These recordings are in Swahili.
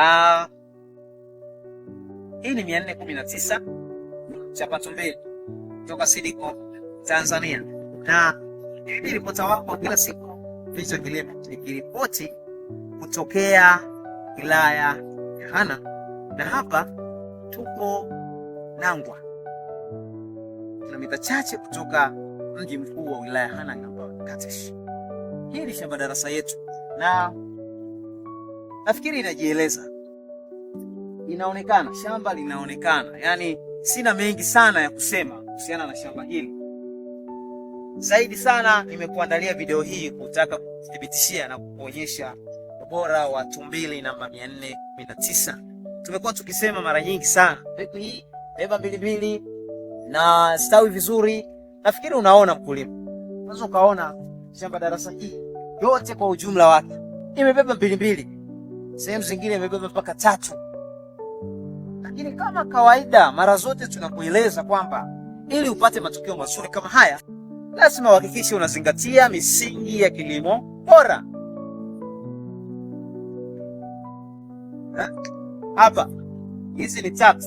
Uh, hii ni mia nne kumi na tisa Chapato Mbili kutoka Sidiko Tanzania, na ni ripota wako kila siku Vichwa Kilimo, nikiripoti kutokea wilaya ya Hana, na hapa tuko Nangwa, kilomita chache kutoka mji mkuu wa wilaya Hana, Katesh. Hii ni shamba darasa yetu na nafikiri inajieleza, inaonekana shamba linaonekana. Yani sina mengi sana ya kusema kuhusiana na shamba hili zaidi sana. Nimekuandalia video hii kutaka kuthibitishia na kuonyesha ubora wa tumbili namba 419. Tumekuwa tukisema mara nyingi sana mbegu hii beba mbilimbili na stawi vizuri. Nafikiri unaona mkulima, unaweza ukaona shamba darasa hii yote kwa ujumla wake imebeba mbilimbili sehemu zingine imebeba mpaka tatu. Lakini kama kawaida, mara zote tunakueleza kwamba ili upate matokeo mazuri kama haya, lazima uhakikishe unazingatia misingi ya kilimo bora. Hapa hizi ni tatu,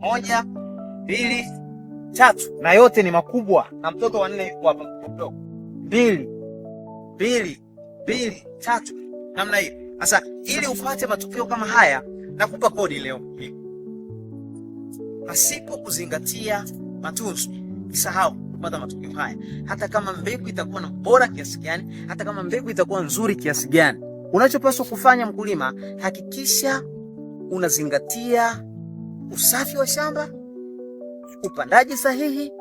moja, mbili, tatu, na yote ni makubwa, na mtoto wa nne yuko hapa mdogo. Mbili, mbili, mbili, tatu, namna hii. Sasa ili upate matokeo kama haya, nakupa kodi leo hii pasipo kuzingatia matunzo. Usisahau kupata matokeo haya, hata kama mbegu itakuwa na bora kiasi gani, hata kama mbegu itakuwa nzuri kiasi gani. Unachopaswa kufanya mkulima, hakikisha unazingatia usafi wa shamba, upandaji sahihi,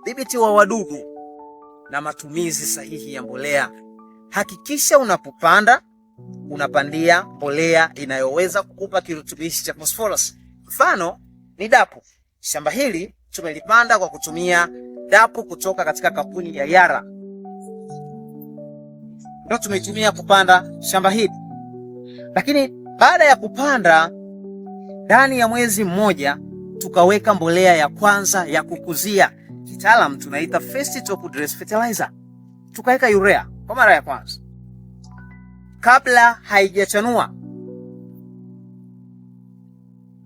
udhibiti wa wadudu na matumizi sahihi ya mbolea. Hakikisha unapopanda unapandia mbolea inayoweza kukupa kirutubishi cha phosphorus. Mfano ni dapu. Shamba hili tumelipanda kwa kutumia dapu kutoka katika kampuni ya Yara, ndio tumeitumia kupanda shamba hili. Lakini baada ya kupanda, ndani ya mwezi mmoja tukaweka mbolea ya kwanza ya kukuzia, kitaalam tunaita first top dress fertilizer, tukaweka urea kwa mara ya kwanza kabla haijachanua,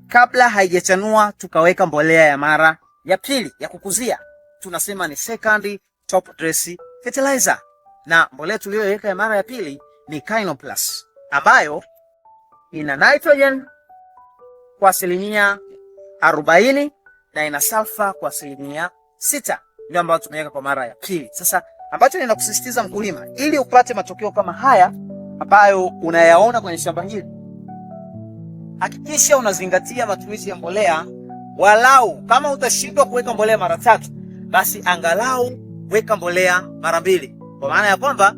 kabla haijachanua tukaweka mbolea ya mara ya pili ya kukuzia, tunasema ni second top dress fertilizer, na mbolea tuliyoweka ya mara ya pili ni Kinoplus ambayo ina nitrogen kwa asilimia arobaini na ina salfa kwa asilimia sita ndio ambayo tumeweka kwa mara ya pili. Sasa ambacho ninakusisitiza mkulima, ili upate matokeo kama haya ambayo unayaona kwenye shamba hili, hakikisha unazingatia matumizi ya mbolea. Walau kama utashindwa kuweka mbolea mara tatu, basi angalau weka mbolea mara mbili, kwa maana ya kwamba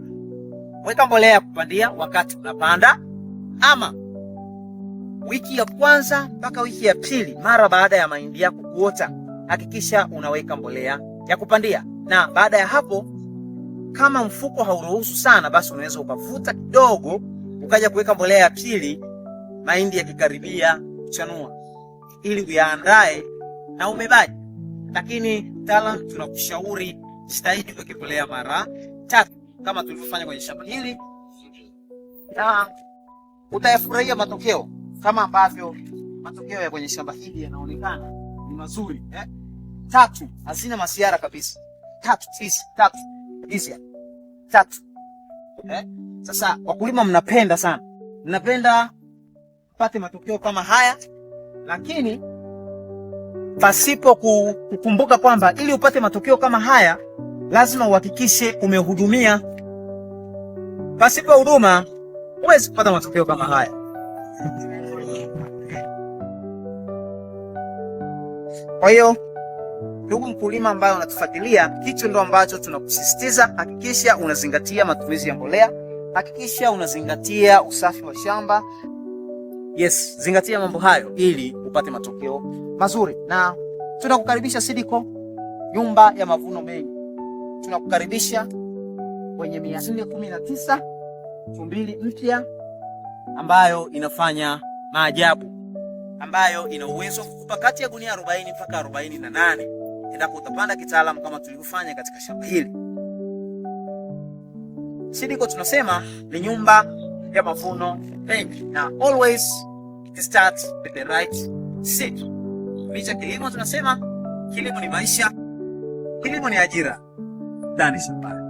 weka mbolea ya kupandia wakati unapanda, ama wiki ya kwanza mpaka wiki ya pili mara baada ya mahindi yako kuota, hakikisha unaweka mbolea ya kupandia, na baada ya hapo kama mfuko hauruhusu sana, basi unaweza ukavuta kidogo ukaja kuweka mbolea ya pili mahindi yakikaribia kuchanua, ili uyaandae na umebaji. Lakini mtaalam, tunakushauri jitahidi kuweka mbolea mara tatu kama tulivyofanya kwenye shamba hili, na utayafurahia matokeo kama ambavyo matokeo ya kwenye shamba hili yanaonekana ni mazuri eh? Tatu hazina masiara kabisa, tatu tisa, tatu hizi tatu eh? Sasa wakulima mnapenda sana, mnapenda mpate matokeo kama haya, lakini pasipo kukumbuka kwamba ili upate matokeo kama haya lazima uhakikishe umehudumia. Pasipo huduma huwezi kupata matokeo kama haya. Kwa hiyo Ndugu mkulima ambaye unatufuatilia, hicho ndo ambacho tunakusisitiza. Hakikisha unazingatia matumizi ya mbolea, hakikisha unazingatia usafi wa shamba. Yes, zingatia mambo hayo ili upate matokeo mazuri, na tunakukaribisha Sidiko, nyumba ya mavuno mengi. Tunakukaribisha kwenye 419 tumbili mpya ambayo inafanya maajabu, ambayo ina uwezo kukupa kati ya gunia 40 mpaka 48 endapo utapanda kitaalamu kama tulivyofanya katika shamba hili. SEDCO tunasema ni nyumba ya mavuno mengi, na always it starts with the right seed. Licha kilimo tunasema kilimo ni maisha, kilimo ni ajira ndani shambani.